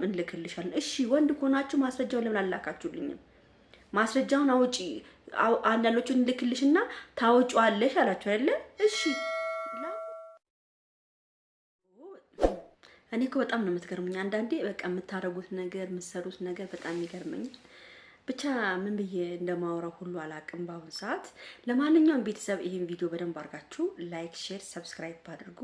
ማስረጃውን እንልክልሻለን። እሺ ወንድ ከሆናችሁ ማስረጃውን ለምን አላካችሁልኝም? ማስረጃውን አውጪ። አንዳንዶቹ እንልክልሽና ታውጪዋለሽ አላችሁ አይደለ? እሺ እኔ እኮ በጣም ነው የምትገርሙኝ። አንዳንዴ በቃ የምታደርጉት ነገር የምትሰሩት ነገር በጣም ይገርመኛል። ብቻ ምን ብዬ እንደማወራው ሁሉ አላቅም በአሁኑ ሰዓት። ለማንኛውም ቤተሰብ ይህን ቪዲዮ በደንብ አድርጋችሁ ላይክ፣ ሼር፣ ሰብስክራይብ አድርጉ።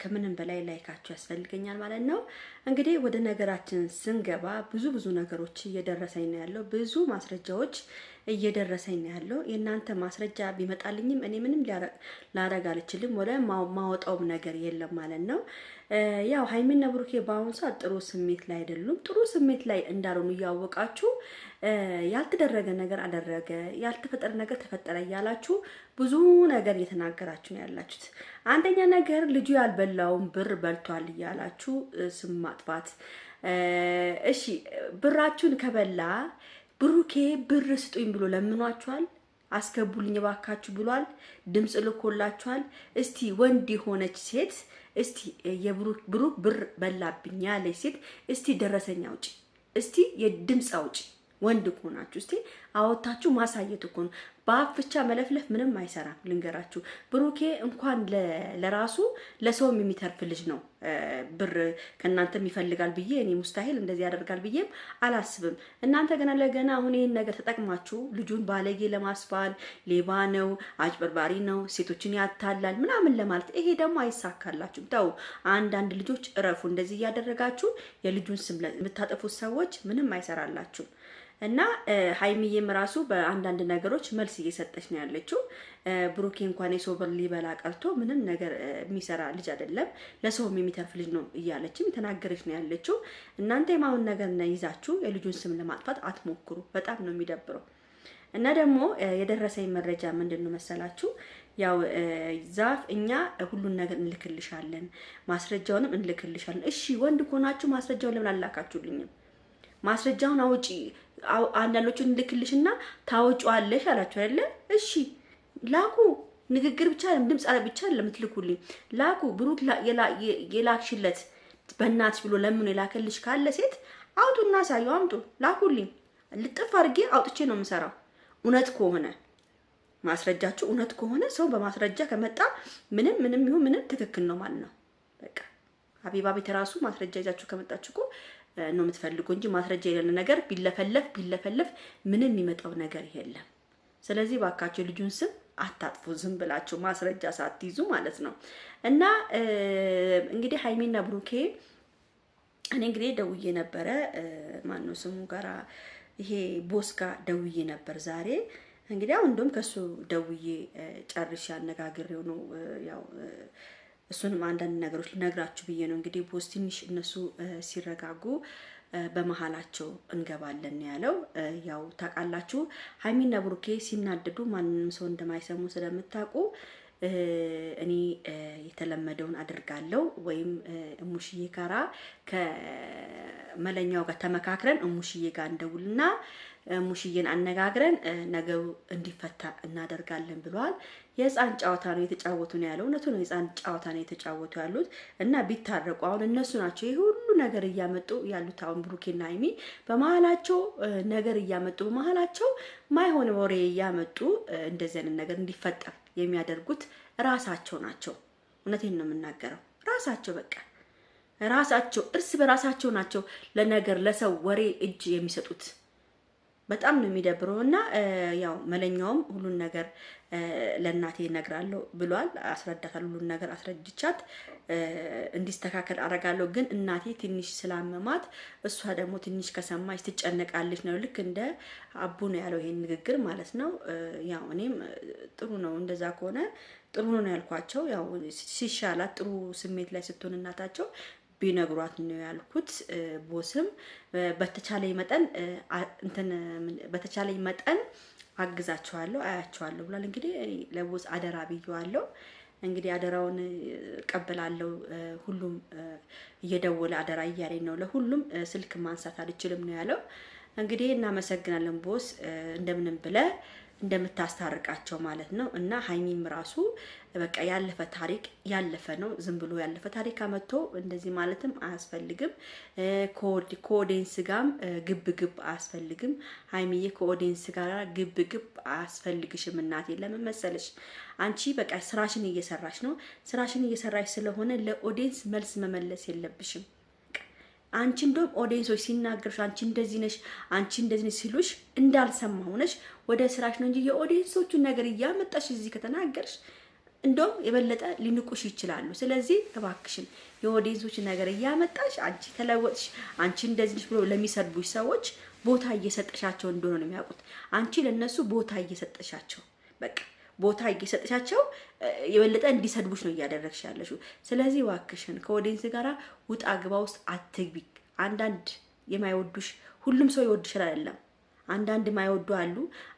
ከምንም በላይ ላይካችሁ ያስፈልገኛል ማለት ነው። እንግዲህ ወደ ነገራችን ስንገባ ብዙ ብዙ ነገሮች እየደረሰኝ ነው ያለው፣ ብዙ ማስረጃዎች እየደረሰኝ ነው ያለው። የእናንተ ማስረጃ ቢመጣልኝም እኔ ምንም ላረግ አልችልም፣ ወደ ማወጣውም ነገር የለም ማለት ነው። ያው ሀይሚና ብሩኬ በአሁኑ ሰዓት ጥሩ ስሜት ላይ አይደሉም። ጥሩ ስሜት ላይ እንዳልሆኑ እያወቃችሁ ያልተደረገ ነገር አደረገ፣ ያልተፈጠረ ነገር ተፈጠረ እያላችሁ ብዙ ነገር እየተናገራችሁ ነው ያላችሁት። አንደኛ ነገር ልጁ ያልበላውን ብር በልቷል እያላችሁ ስም ማጥፋት። እሺ ብራችሁን ከበላ ብሩኬ ብር ስጡኝ ብሎ ለምኗችኋል? አስገቡልኝ ባካችሁ ብሏል? ድምፅ ልኮላችኋል? እስቲ ወንድ የሆነች ሴት እስቲ የብሩክ ብር በላብኝ ያለች ሴት እስቲ ደረሰኝ አውጪ፣ እስቲ የድምፅ አውጪ ወንድ ከሆናችሁ እስቲ አወታችሁ ማሳየት እኮ ነው። በአፍ ብቻ መለፍለፍ ምንም አይሰራም። ልንገራችሁ ብሩኬ እንኳን ለራሱ ለሰውም የሚተርፍ ልጅ ነው። ብር ከእናንተም ይፈልጋል ብዬ እኔ ሙስታሂል እንደዚህ ያደርጋል ብዬም አላስብም። እናንተ ገና ለገና አሁን ይህን ነገር ተጠቅማችሁ ልጁን ባለጌ ለማስባል ሌባ ነው፣ አጭበርባሪ ነው፣ ሴቶችን ያታላል ምናምን ለማለት ይሄ ደግሞ አይሳካላችሁም። ተው፣ አንዳንድ ልጆች እረፉ። እንደዚህ እያደረጋችሁ የልጁን ስም የምታጠፉት ሰዎች ምንም አይሰራላችሁም። እና ሀይሚዬም ራሱ በአንዳንድ ነገሮች መልስ እየሰጠች ነው ያለችው። ብሩኬ እንኳን የሶብር ሊበላ ቀርቶ ምንም ነገር የሚሰራ ልጅ አይደለም፣ ለሰውም የሚተርፍ ልጅ ነው እያለችም የተናገረች ነው ያለችው። እናንተ የማሁን ነገር ይዛችሁ የልጁን ስም ለማጥፋት አትሞክሩ። በጣም ነው የሚደብረው። እና ደግሞ የደረሰኝ መረጃ ምንድን ነው መሰላችሁ? ያው ዛፍ እኛ ሁሉን ነገር እንልክልሻለን፣ ማስረጃውንም እንልክልሻለን። እሺ ወንድ ከሆናችሁ ማስረጃውን ለምን አላካችሁልኝም? ማስረጃውን አውጪ፣ አንዳንዶቹን ልክልሽና ታወጪዋለሽ አላችሁ አይደለ? እሺ ላኩ። ንግግር ብቻ አይደለም ድምፅ አለ ብቻ አይደለም ትልኩልኝ፣ ላኩ። ብሩክ የላክሽለት በእናትሽ ብሎ ለምኑ የላከልሽ ካለ ሴት አውጡና ሳዩ አምጡ፣ ላኩልኝ። ልጥፍ አድርጌ አውጥቼ ነው የምሰራው። እውነት ከሆነ ማስረጃችሁ እውነት ከሆነ ሰው በማስረጃ ከመጣ ምንም ምንም ይሁን ምንም ትክክል ነው ማለት ነው። በቃ ሀቢባ ቤት ራሱ ማስረጃ ይዛችሁ ከመጣችሁ እኮ ነው የምትፈልጉ እንጂ ማስረጃ የሌለ ነገር ቢለፈለፍ ቢለፈለፍ ምንም የሚመጣው ነገር የለም። ስለዚህ ባካቸው ልጁን ስም አታጥፉ፣ ዝም ብላችሁ ማስረጃ ሳትይዙ ማለት ነው። እና እንግዲህ ሀይሜና ብሩኬ እኔ እንግዲህ ደውዬ ነበረ ማነው ስሙ ጋር ይሄ ቦስ ጋር ደውዬ ነበር ዛሬ እንግዲህ አሁን እንደውም ከሱ ደውዬ ጨርሼ አነጋግሬው ነው ያው እሱንም አንዳንድ ነገሮች ልነግራችሁ ብዬ ነው። እንግዲህ ቦስ ትንሽ እነሱ ሲረጋጉ በመሀላቸው እንገባለን ያለው ያው ታውቃላችሁ፣ ሀይሚና ብሩኬ ሲናደዱ ማንም ሰው እንደማይሰሙ ስለምታውቁ እኔ የተለመደውን አድርጋለሁ ወይም እሙሽዬ ጋራ ከመለኛው ጋር ተመካክረን እሙሽዬ ጋር እንደውልና ሙሽዬን አነጋግረን ነገሩ እንዲፈታ እናደርጋለን ብለዋል። የህፃን ጨዋታ ነው የተጫወቱ ነው ያለው። እውነቱ ነው፣ የህፃን ጨዋታ ነው የተጫወቱ ያሉት እና ቢታረቁ አሁን እነሱ ናቸው ይህ ሁሉ ነገር እያመጡ ያሉት። አሁን ብሩኬና ሀይሚ በመሀላቸው ነገር እያመጡ በመሀላቸው ማይሆን ወሬ እያመጡ እንደዚህ አይነት ነገር እንዲፈጠር የሚያደርጉት ራሳቸው ናቸው። እውነቴን ነው የምናገረው። ራሳቸው በቃ ራሳቸው እርስ በራሳቸው ናቸው ለነገር ለሰው ወሬ እጅ የሚሰጡት። በጣም ነው የሚደብረው እና ያው መለኛውም ሁሉን ነገር ለእናቴ እነግራለሁ ብሏል። አስረዳታል። ሁሉን ነገር አስረድቻት እንዲስተካከል አረጋለሁ። ግን እናቴ ትንሽ ስላመማት እሷ ደግሞ ትንሽ ከሰማች ትጨነቃለች ነው። ልክ እንደ አቡ ነው ያለው ይሄን ንግግር ማለት ነው። ያው እኔም ጥሩ ነው እንደዛ ከሆነ ጥሩ ነው ያልኳቸው። ያው ሲሻላት ጥሩ ስሜት ላይ ስትሆን እናታቸው ቢነግሯት ነው ያልኩት። ቦስም በተቻለኝ መጠን እንትን በተቻለኝ መጠን አግዛቸዋለሁ፣ አያቸዋለሁ ብሏል። እንግዲህ ለቦስ አደራ ብዬዋለሁ። እንግዲህ አደራውን ቀበላለሁ። ሁሉም እየደወለ አደራ እያለኝ ነው። ለሁሉም ስልክ ማንሳት አልችልም ነው ያለው። እንግዲህ እናመሰግናለን ቦስ እንደምንም ብለ እንደምታስታርቃቸው ማለት ነው። እና ሀይሚም ራሱ በቃ ያለፈ ታሪክ ያለፈ ነው። ዝም ብሎ ያለፈ ታሪክ አመጥቶ እንደዚህ ማለትም አያስፈልግም። ከኦዲንስ ጋም ግብ ግብ አያስፈልግም። ሀይሚዬ ከኦዲንስ ጋር ግብ ግብ አያስፈልግሽም። እናቴ ለምን መሰለሽ አንቺ በቃ ስራሽን እየሰራሽ ነው። ስራሽን እየሰራሽ ስለሆነ ለኦዲንስ መልስ መመለስ የለብሽም። አንቺ እንደውም ኦዲየንሶች ሲናገሩሽ አንቺ እንደዚህ ነሽ፣ አንቺ እንደዚህ ነሽ ሲሉሽ እንዳልሰማው ነሽ ወደ ስራሽ ነው እንጂ የኦዲየንሶቹን ነገር እያመጣሽ እዚህ ከተናገርሽ እንደውም የበለጠ ሊንቁሽ ይችላሉ። ስለዚህ እባክሽን የኦዲየንሶችን ነገር እያመጣሽ አንቺ ተለወጥሽ፣ አንቺ እንደዚህ ነሽ ብሎ ለሚሰድቡሽ ሰዎች ቦታ እየሰጠሻቸው እንደሆነ ነው የሚያውቁት። አንቺ ለእነሱ ቦታ እየሰጠሻቸው በቃ ቦታ እየሰጥሻቸው የበለጠ እንዲሰድቡሽ ነው እያደረግሽ ያለሽው። ስለዚህ እባክሽን ከወዲንስ ጋር ውጣ ግባ ውስጥ አትግቢ። አንዳንድ የማይወዱሽ ሁሉም ሰው ይወድሻል አይደለም። አንዳንድ የማይወዱ አሉ።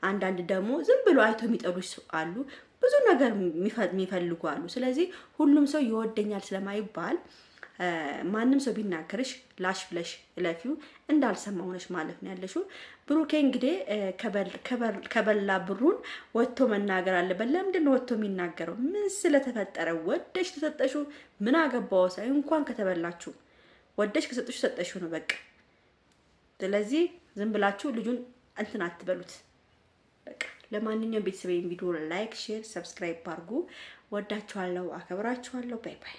አንዳንድ ደግሞ ዝም ብሎ አይቶ የሚጠሉሽ አሉ። ብዙ ነገር የሚፈልጉ አሉ። ስለዚህ ሁሉም ሰው ይወደኛል ስለማይባል ማንም ሰው ቢናገርሽ ላሽ ብለሽ እለፊው እንዳልሰማ ሆነሽ ማለት ነው ያለሽው። ብሩኬ እንግዲህ ከበላ ብሩን ወጥቶ መናገር አለበት። ለምንድን ነው ወጥቶ የሚናገረው? ምን ስለተፈጠረ? ወደሽ ተሰጠሹ ምን አገባው ሳይ እንኳን ከተበላችሁ ወደሽ ከሰጠሹ ሰጠሹ ነው በቃ። ስለዚህ ዝም ብላችሁ ልጁን እንትን አትበሉት በቃ። ለማንኛውም ቤተሰብ ቪዲዮ ላይክ፣ ሼር፣ ሰብስክራይብ አድርጉ። ወዳችኋለሁ፣ አከብራችኋለሁ። ባይ ባይ